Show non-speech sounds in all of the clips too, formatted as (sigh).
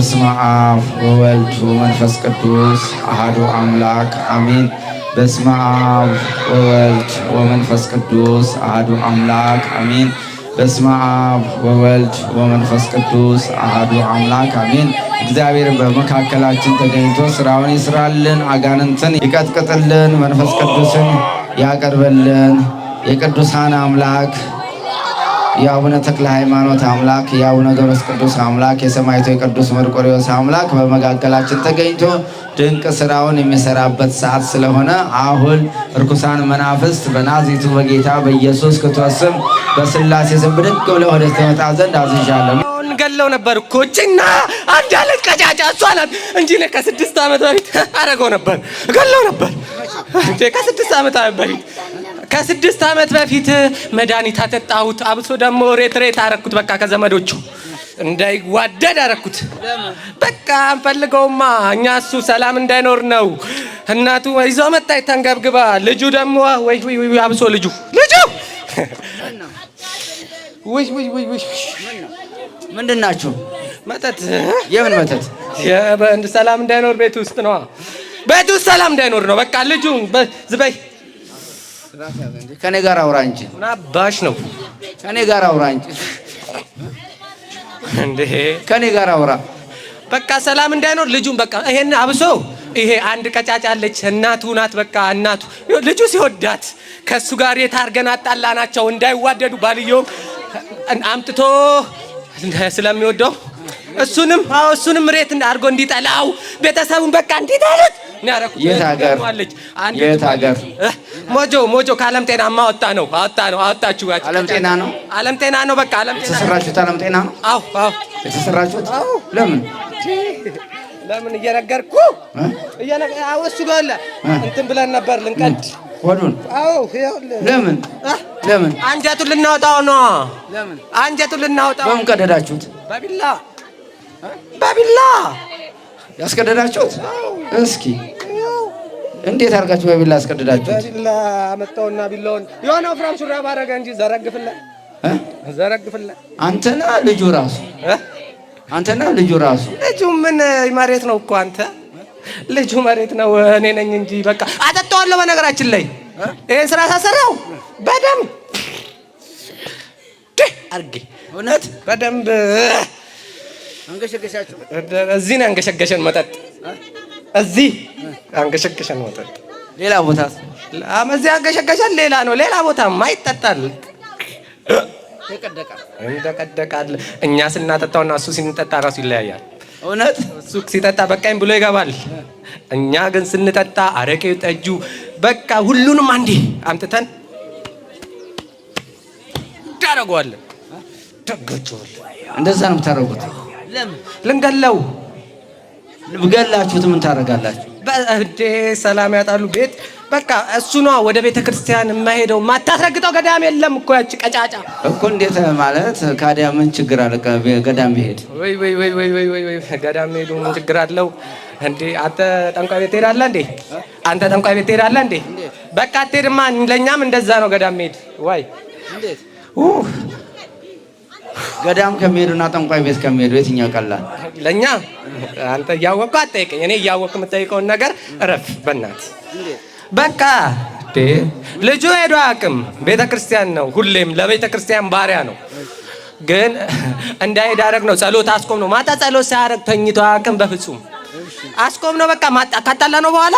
በስመ አብ ወወልድ ወመንፈስ ቅዱስ አሐዱ አምላክ አሜን። በስመ አብ ወወልድ ወመንፈስ ቅዱስ አሐዱ አምላክ አሜን። በስመ አብ ወወልድ ወመንፈስ ቅዱስ አሐዱ አምላክ አሜን። እግዚአብሔር በመካከላችን ተገኝቶ ስራውን ይስራልን፣ አጋንንትን ይቀጥቅጥልን፣ መንፈስ ቅዱስን ያቀርበልን። የቅዱሳን አምላክ የአቡነ ተክለ ሃይማኖት አምላክ የአቡነ ገብረስ ቅዱስ አምላክ የሰማይቶ የቅዱስ መርቆሬዎስ አምላክ በመካከላችን ተገኝቶ ድንቅ ስራውን የሚሰራበት ሰዓት ስለሆነ አሁን እርኩሳን መናፍስት በናዚቱ በጌታ በኢየሱስ ክርስቶስ ስም በስላሴ ስም ብድግ ብለው ወደ ተመጣ ዘንድ አዝዣለሁ። ገለው ነበር እኮ እጅና አንድ አለት ቀጫጫ እሷ ናት እንጂ ከስድስት ዓመት በፊት አረገው ነበር ገለው ነበር ከስድስት ዓመት በፊት ከስድስት ዓመት በፊት መድኃኒት አጠጣሁት። አብሶ ደግሞ ሬት ሬት አረኩት። በቃ ከዘመዶቹ እንዳይዋደድ አረኩት። በቃ አንፈልገውማ እኛ እሱ ሰላም እንዳይኖር ነው። እናቱ ይዞ መጣ ተንገብግባ። ልጁ ደግሞ ወይ ወይ አብሶ ልጁ ልጁ ወይ ወይ ወይ ወይ ምንድን ናችሁ? መጠጥ የምን መጠጥ? ሰላም እንዳይኖር ቤት ውስጥ ነዋ። ቤት ውስጥ ሰላም እንዳይኖር ነው። በቃ ልጁ ዝበይ ከኔ ጋር አውራ እንጂ ምን አባሽ ነው? ከኔ ጋር አውራ እንጂ እንዴ! ከኔ ጋር አውራ በቃ ሰላም እንዳይኖር ልጁን በቃ ይሄን አብሶ ይሄ አንድ ቀጫጫ አለች እናቱ ናት። በቃ እናቱ ልጁ ሲወዳት ከሱ ጋር የታርገን አጣላ ናቸው እንዳይዋደዱ ባልየውም አምጥቶ ስለሚወደው እሱንም አዎ እሱንም ሬት አድርጎ እንዲጠላው ቤተሰቡን በቃ እንዲጠሉት የት ሀገር ሞጆ ሞጆ ከዓለም ጤናማ አወጣ ነው አወጣ ነው አወጣችሁ። ዓለም ጤና ነው ዓለም ጤና ነው። በቃ ዓለም ጤና የተሰራችሁት ዓለም ጤና ነው። አዎ አዎ የተሰራችሁት ለምን ለምን እየነገርኩ እሱ ጋር እንትን ብለን ነበር ልንቀድ ሆዱን ለምን ለምን አንጀቱን ልናወጣው ነው። አንጀቱን ልናወጣው በምን ቀደዳችሁት? በቢላ በቢላ ያስቀደዳችሁት? እስኪ እንዴት አድርጋችሁ በቢላ ያስቀደዳችሁት? ቢላ አመጣውና ቢላውን የሆነ ወፍራም ሹራብ አደረገ እንጂ ዘረግፍላ ዘረግፍላ። አንተና ልጁ ራሱ አንተና ልጁ ራሱ ልጁ ምን መሬት ነው እኮ አንተ ልጁ መሬት ነው። እኔ ነኝ እንጂ በቃ አጠጣዋለሁ። በነገራችን ላይ ይሄን ስራ ሳሰራው በደንብ አርጌ እውነት በደንብ አንገሸገሻችሁ። እዚህ ነው ያንገሸገሸን መጠጥ፣ እዚህ አንገሸገሸን መጠጥ። ሌላ ቦታ እዚህ አንገሸገሸን ሌላ ነው። ሌላ ቦታማ ይጠጣል፣ ይደቀደቃል። እኛ ስናጠጣውና እሱ ስንጠጣ ራሱ ይለያያል። እውነት እሱ ሲጠጣ በቃኝ ብሎ ይገባል። እኛ ግን ስንጠጣ አረቄ ጠጁ በቃ ሁሉንም አንዴ አምጥተን ታደርገዋለን። እንደዛ ነው የምታደርጉት። ልንገለው። ገላችሁት ምን ታደርጋላችሁ? በእዴ ሰላም ያጣሉ። ቤት በቃ እሱ ነዋ ወደ ቤተ ክርስቲያን የማሄደው። ማታስረግጠው ገዳም የለም እኮ ያቺ ቀጫጫ እኮ። እንዴት ማለት ካዲያ ምን ችግር አለ? ገዳም ሄድ ወይ ወይ ወይ ወይ ወይ ወይ ወይ ገዳም ይሄዱ ምን ችግር አለው እንዴ? አንተ ጠንቋይ ቤት ትሄዳለህ እንዴ? አንተ ጠንቋይ ቤት ትሄዳለህ እንዴ? በቃ አትሄድማ። ለእኛም እንደዛ ነው ገዳም ሄድ ወይ እንዴት ገዳም ከሚሄዱና ጠንቋይ ቤት ከሚሄዱ የትኛው ቀላል? ለእኛ አንተ እያወቅኩ አትጠይቀኝ። እኔ እያወቅኩ የምጠይቀውን ነገር እረፍ። በእናት በቃ ልጁ ሄዶ አቅም ቤተ ክርስቲያን ነው። ሁሌም ለቤተ ክርስቲያን ባሪያ ነው። ግን እንዳይሄድ አደረግ ነው። ጸሎት አስቆም ነው። ማታ ጸሎት ሳያደርግ ተኝቶ አቅም በፍጹም አስቆም ነው። በቃ ካጣላ ነው በኋላ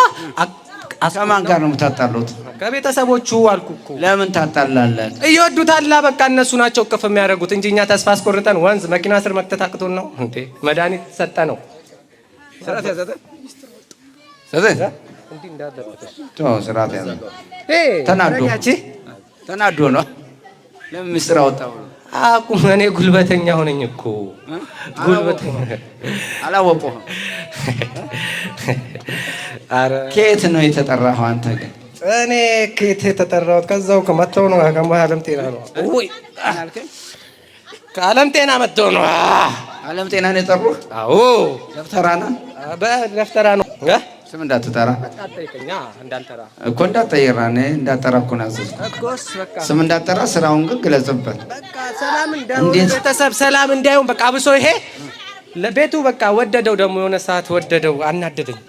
ከማን ጋር ነው የምታጣሉት? ከቤተሰቦቹ አልኩ እኮ ለምን ታጣላለህ? እየወዱታላ በቃ እነሱ ናቸው እቅፍ የሚያደርጉት እንጂ እኛ ተስፋ አስቆርጠን ወንዝ መኪና ስር መክተት አቅቶን ነው እንዴ? መድኃኒት ሰጠ ነው ተናዶ ነው። ለምን ምስጢር አወጣው? አቁም። እኔ ጉልበተኛ ሆነኝ እኮ ጉልበተኛ አላወቀሁም። ኧረ ከየት ነው የተጠራኸው አንተ ግን? እኔ ከየት የተጠራሁት? ከዛው ከመተው ነው። ከዓለም ጤና ነው። ውይ ከዓለም ጤና መተው ነው። ዓለም ጤና ነው አዎ ነው። ስም እንዳትጠራ እኮ እኮ ነው ያዘዝኩት። ስም እንዳትጠራ ስራውን ግን ግለጽበት። ቤተሰብ ሰላም እንዳይሆን በቃ ይሄ ለቤቱ በቃ ወደደው። ደግሞ የሆነ ሰዓት ወደደው፣ አናደደኝ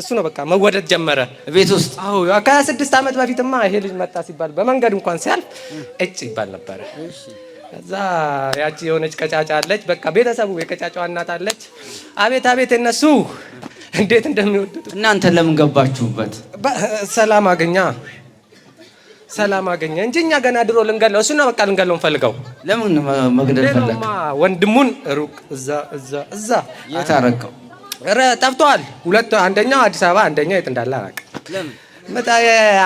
እሱ ነው በቃ መወደድ ጀመረ ቤት ውስጥ። አዎ ከ26 ዓመት በፊትማ ይሄ ልጅ መጣ ሲባል በመንገድ እንኳን ሲያልፍ እጭ ይባል ነበረ። እዛ ያቺ የሆነች ቀጫጫ አለች፣ በቃ ቤተሰቡ የቀጫጫዋ እናት አለች። አቤት አቤት እነሱ እንዴት እንደሚወዱት እናንተ ለምን ገባችሁበት? ሰላም አገኛ ሰላም አገኘ እንጂ እኛ ገና ድሮ ልንገለው እሱ ነው በቃ ልንገለው እንፈልገው። ለምን መግደል ፈለግ? ወንድሙን ሩቅ እዛ እዛ እዛ የታረቀው ጠፍተዋል። ሁለት አንደኛው አዲስ አበባ አንደኛው የት እንዳለ አላውቅም። መጣ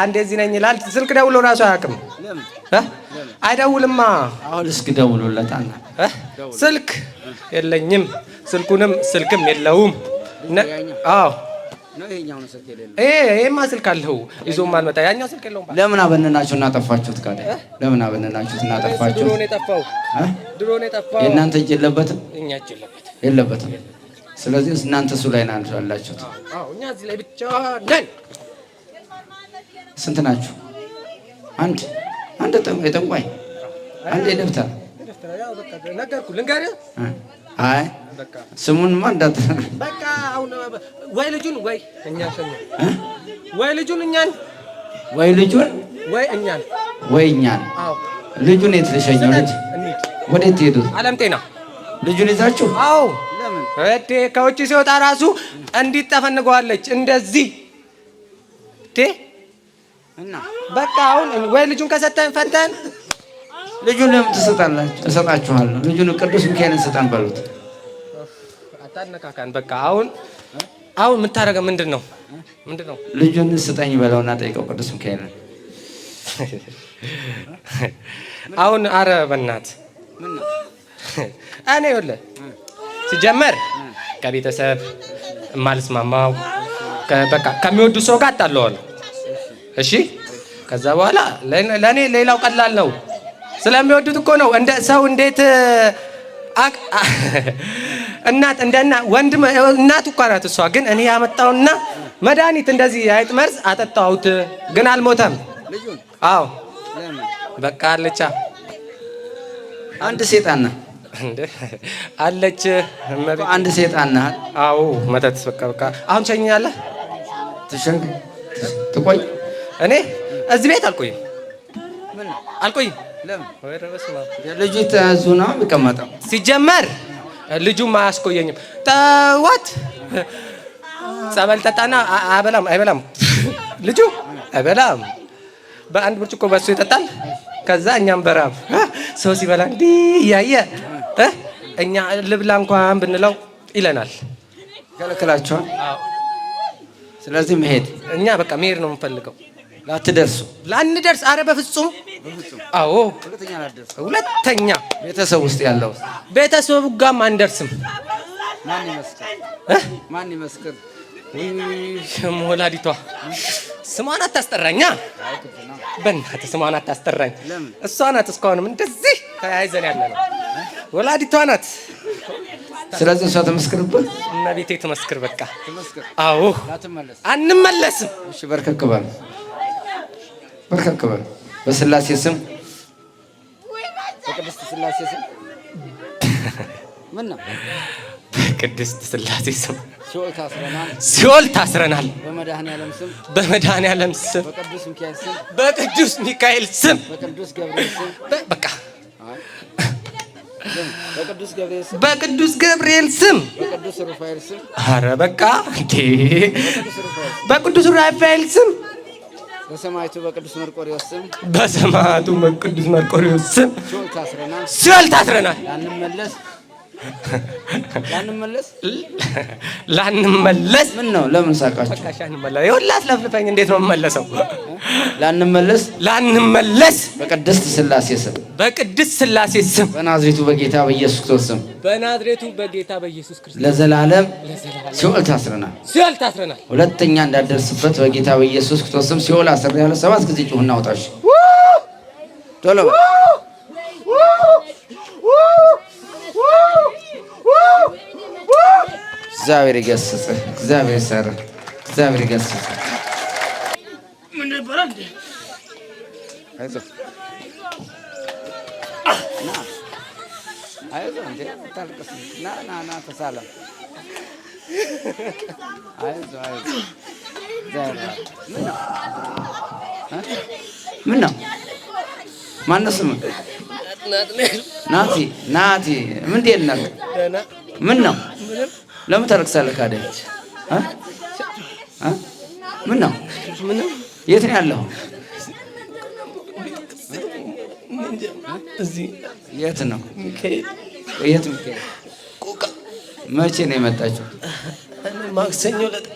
አንዴ እዚህ ነኝ ይላል። ስልክ ደውሎ ራሱ አያውቅም። አይደውልማ። አሁን እስኪ ደውሎለታል። ስልክ የለኝም፣ ስልኩንም ስልክም የለውም። አዎ ይሄማ ስልክ አለው ይዞ ማልመጣ ያኛው ስልክ የለውም። ለምን አበነናችሁ እናጠፋችሁት? ቃል ለምን አበነናችሁት እናጠፋችሁት? ድሮ ነው የጠፋው። የእናንተ እጅ የለበትም፣ የለበትም ስለዚህ እናንተ እሱ ላይ ናንተ ያላችሁት እኛ እዚህ ላይ ብቻ ነን። ስንት ናችሁ? አንድ አንድ የጠንቋይ አንድ የደብተር ነገርኩህ። ልንገርህ፣ አይ ስሙንማ እንዳት በቃ አሁን ወይ ልጁን ወይ እኛን ወይ ልጁን እኛን ወይ ልጁን ወይ እኛን ወይ እኛን ልጁን የት ልሸኘው? ልጅ ወዴት ትሄዱት? አለም ጤና ልጁን ይዛችሁ? አዎ እዴ ከውጭ ሲወጣ ራሱ እንዲት ተፈንገዋለች እንደዚህ ዴ እና በቃ አሁን ወይ ልጁን ከሰጠን ፈንተን ልጁን ለምን ትሰጣላችሁ? እሰጣችኋለሁ። ልጁን ቅዱስ ሚካኤልን ስጠን በሉት። አታነካካን። በቃ አሁን አሁን የምታደርገው ምንድን ነው? ምንድን ነው? ልጁን ስጠኝ በለውና ጠይቀው ቅዱስ ሚካኤልን። አሁን አረ በእናትህ እኔ ይኸውልህ ሲጀመር ከቤተሰብ ማልስማማው በቃ ከሚወዱ ሰው ጋር አጣለዋለሁ። እሺ ከዛ በኋላ ለእኔ ሌላው ቀላል ነው። ስለሚወዱት እኮ ነው። እንደ ሰው እንዴት (laughs) እናት እንደና ወንድም እናት እኮ ናት እሷ። ግን እኔ ያመጣውና መድኃኒት እንደዚህ አይጥ መርዝ አጠጣሁት፣ ግን አልሞተም። አዎ በቃ አለቻ አንድ ሴጣን ነው አለች አንድ ሴጣን ናት። አዎ መተት በቃ በቃ አሁን ሸኛለህ። ትሸንግ ትቆይ። እኔ እዚህ ቤት አልቆይም አልቆይም። ልጁ ተያዙ ነው የሚቀመጠው። ሲጀመር ልጁም አያስቆየኝም። ጠዋት ጸበል ጠጣና አይበላም አይበላም። ልጁ አይበላም። በአንድ ብርጭቆ በሱ ይጠጣል። ከዛ እኛም በራብ ሰው ሲበላ እንዲህ እያየ እኛ ልብላ እንኳን ብንለው ይለናል፣ ይከለክላቸዋል። ስለዚህ መሄድ እኛ በቃ መሄድ ነው የምንፈልገው። ላትደርሱ ላንደርስ፣ አረ በፍጹም አዎ። ሁለተኛ ቤተሰብ ውስጥ ያለው ቤተሰቡ ጋም አንደርስም። ማን ይመስክር? ወላዲቷ ስሟን አታስጠራኛ፣ በእናትህ ስሟን አታስጠራኝ። እሷ ናት እስካሁንም እንደዚህ ተያይዘን ያለ ነው። ወላዲቷ ናት። ስለዚህ እሷ ተመስክርበት እና ቤቴ ተመስክር። በቃ አዎ፣ አንመለስም። እሺ፣ በርከክ በል በርከክ በል። በስላሴ ስም በቅድስት ስላሴ ስም ምን ነው? በቅድስት ስላሴ ስም ሲኦል ታስረናል። በመድኃኔዓለም ስም በቅዱስ ሚካኤል ስም በቃ በቅዱስ ገብርኤል ስም አረ በቃ በቅዱስ ራፋኤል ስም በሰማዕቱ በቅዱስ መርቆሪዎስ ስም በሰማዕቱ በቅዱስ ስም ሲኦል ታስረናል። ላንመለስ ምን ነው? ለምን ሳቃችሁ? የወላት ለፍልፈኝ እንዴት ነው የምመለሰው? ላንመለስ ላንመለስ በቅድስት ስላሴ ስም በቅድስት ስላሴ ስም በናዝሬቱ በጌታ በኢየሱስ ክርስቶስ ስም በናዝሬቱ በጌታ በኢየሱስ ክርስቶስ ለዘላለም ሲኦል ታስረናል፣ ሲኦል ታስረናል። ሁለተኛ እንዳደርስበት በጌታ በኢየሱስ ክርስቶስ ስም ሲኦል አስረ ያለ ሰባት ጊዜ ጩኸና አውጣሽ ቶሎ እግዚአብሔር ይገስጽ፣ እግዚአብሔር ይሰርህ። እግዚአብሔር ይገስጽ። ምን ነበር እንዴ ና ና ና ምን ነው ማነው ስምህ? ናቲ ናቲ፣ ምን ነው ለምን ታለቅሳለህ? ካደህ ምን ነው? የት ነው ያለው? የት ነው? የት ሚካኤል? መቼ ነው የመጣችው? ማክሰኞ ዕለት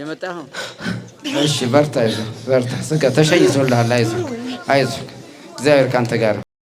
የመጣኸው? እሺ፣ በርታ፣ በርታ። ስጋ ተሸኝቶልሃል። አይዞህ፣ አይዞህ። እግዚአብሔር ካንተ ጋር